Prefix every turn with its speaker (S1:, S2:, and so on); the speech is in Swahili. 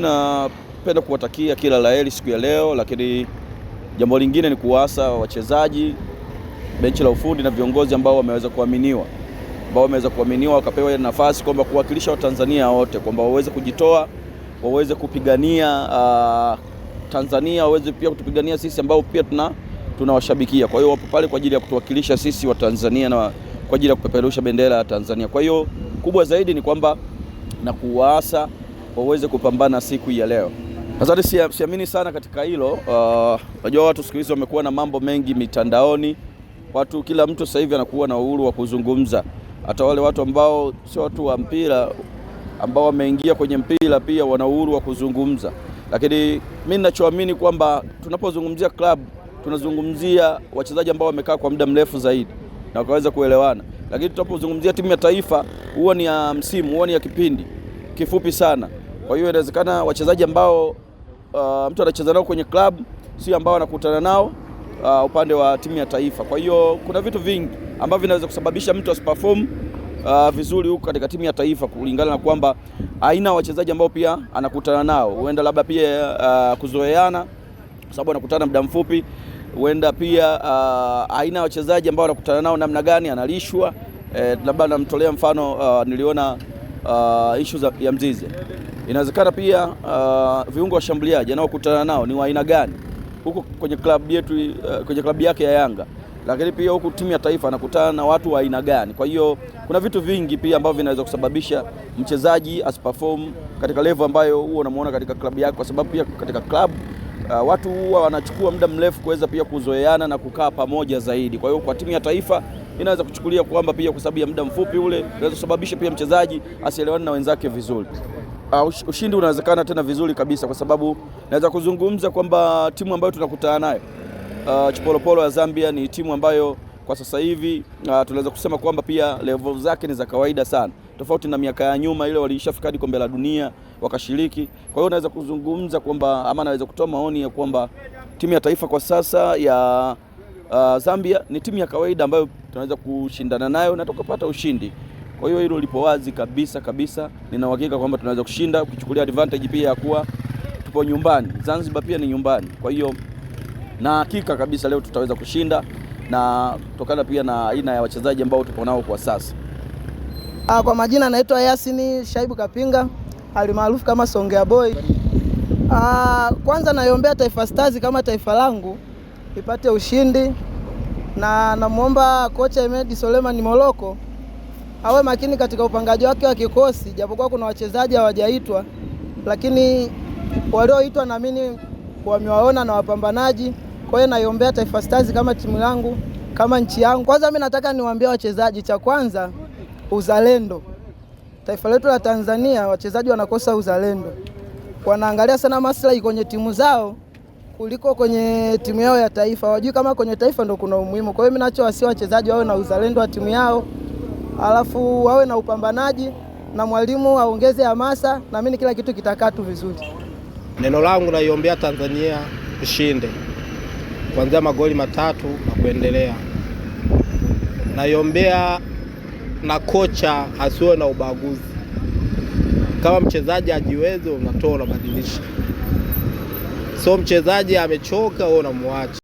S1: Napenda kuwatakia kila laheri siku ya leo, lakini jambo lingine ni kuwaasa wachezaji, benchi la ufundi na viongozi ambao wameweza kuaminiwa ambao wameweza kuaminiwa wakapewa nafasi kwamba kuwakilisha Watanzania wote kwamba waweze kujitoa, waweze kupigania uh, Tanzania, waweze pia kutupigania sisi ambao pia tuna tunawashabikia. Kwa hiyo wapo pale kwa ajili ya kutuwakilisha sisi Watanzania na kwa ajili ya kupeperusha bendera ya Tanzania. Kwa hiyo kubwa zaidi ni kwamba na kuwaasa waweze kupambana siku ya leo. Nadhani siamini sana katika hilo. Ah, unajua uh, watu siku hizi wamekuwa na mambo mengi mitandaoni. Watu kila mtu sasa hivi anakuwa na uhuru wa kuzungumza, hata wale watu ambao sio watu wa mpira ambao wameingia kwenye mpira pia wana uhuru wa kuzungumza, lakini mi ninachoamini kwamba tunapozungumzia club tunazungumzia wachezaji ambao wamekaa kwa muda mrefu zaidi na wakaweza kuelewana, lakini tunapozungumzia timu ya taifa huwa ni ya msimu, huwa ni ya kipindi kifupi sana. Kwa hiyo inawezekana wachezaji ambao uh, mtu anacheza nao kwenye klabu sio ambao anakutana nao uh, upande wa timu ya taifa. Kwa hiyo kuna vitu vingi ambavyo vinaweza kusababisha mtu asiperform uh, vizuri huko katika timu ya taifa kulingana na kwamba aina ya wachezaji ambao pia anakutana nao, huenda labda pia uh, kuzoeana kwa sababu anakutana muda mfupi, huenda pia uh, aina ya wachezaji ambao anakutana nao namna gani analishwa. Eh, labda namtolea mfano uh, niliona uh, ishu ya Mzize Inawezekana pia uh, viungo washambuliaji anaokutana nao ni wa aina gani huko kwenye klabu yetu uh, kwenye klabu yake ya Yanga, lakini pia huku timu ya taifa anakutana na watu wa aina gani. Kwa hiyo kuna vitu vingi pia ambavyo vinaweza kusababisha mchezaji asiperform katika level ambayo huo unamuona katika klabu yake, kwa sababu pia katika klabu uh, watu huwa wanachukua muda mrefu kuweza pia kuzoeana na kukaa pamoja zaidi. Kwa hiyo kwa timu ya taifa inaweza kuchukulia kwamba pia kwa sababu ya muda mfupi ule inaweza kusababisha pia mchezaji asielewane na wenzake vizuri uh, ushindi unawezekana tena vizuri kabisa, kwa sababu naweza kuzungumza kwamba timu ambayo tunakutana nayo uh, Chipolopolo ya Zambia ni timu ambayo kwa sasa hivi uh, tunaweza kusema kwamba pia level zake ni za kawaida sana, tofauti na miaka ya nyuma ile walishafika hadi kombe la dunia wakashiriki. Kwa hiyo naweza kuzungumza kwamba ama naweza kutoa maoni ya kwamba timu ya taifa kwa sasa ya uh, Zambia ni timu ya kawaida ambayo tunaweza kushindana nayo na tukapata ushindi. Kwa hiyo hilo lipo wazi kabisa kabisa, nina uhakika kwamba tunaweza kushinda, ukichukulia advantage pia ya kuwa tupo nyumbani. Zanzibar pia ni nyumbani, kwa hiyo na hakika kabisa leo tutaweza kushinda, na kutokana pia na aina ya wachezaji ambao tupo nao kwa sasa.
S2: Ah, kwa majina anaitwa Yasini Shaibu Kapinga alimaarufu kama Songea Boy. Ah, kwanza naiombea Taifa Stars kama taifa langu ipate ushindi na namwomba kocha Hemedi Suleiman Moroko awe makini katika upangaji wake wa kikosi, japokuwa kuna wachezaji hawajaitwa, lakini walioitwa na mimi wamewaona na wapambanaji. Kwa hiyo naiombea Taifa Stars kama timu yangu, kama nchi yangu. Kwanza mimi nataka niwaambie wachezaji, cha kwanza uzalendo. Taifa letu la Tanzania wachezaji wanakosa uzalendo, wanaangalia sana maslahi kwenye timu zao kuliko kwenye timu yao ya taifa. Wajui kama kwenye taifa ndo kuna umuhimu. Kwa hiyo mimi nacho wasi wachezaji wawe na uzalendo wa timu yao alafu wawe na upambanaji na mwalimu aongeze hamasa, na mimi kila kitu kitakaa tu vizuri.
S3: Neno langu naiombea Tanzania ushinde kuanzia magoli matatu na kuendelea. Naiombea na kocha asiwe na ubaguzi. Kama mchezaji ajiweze, unatoa unabadilisha, so mchezaji amechoka, wewe unamwacha.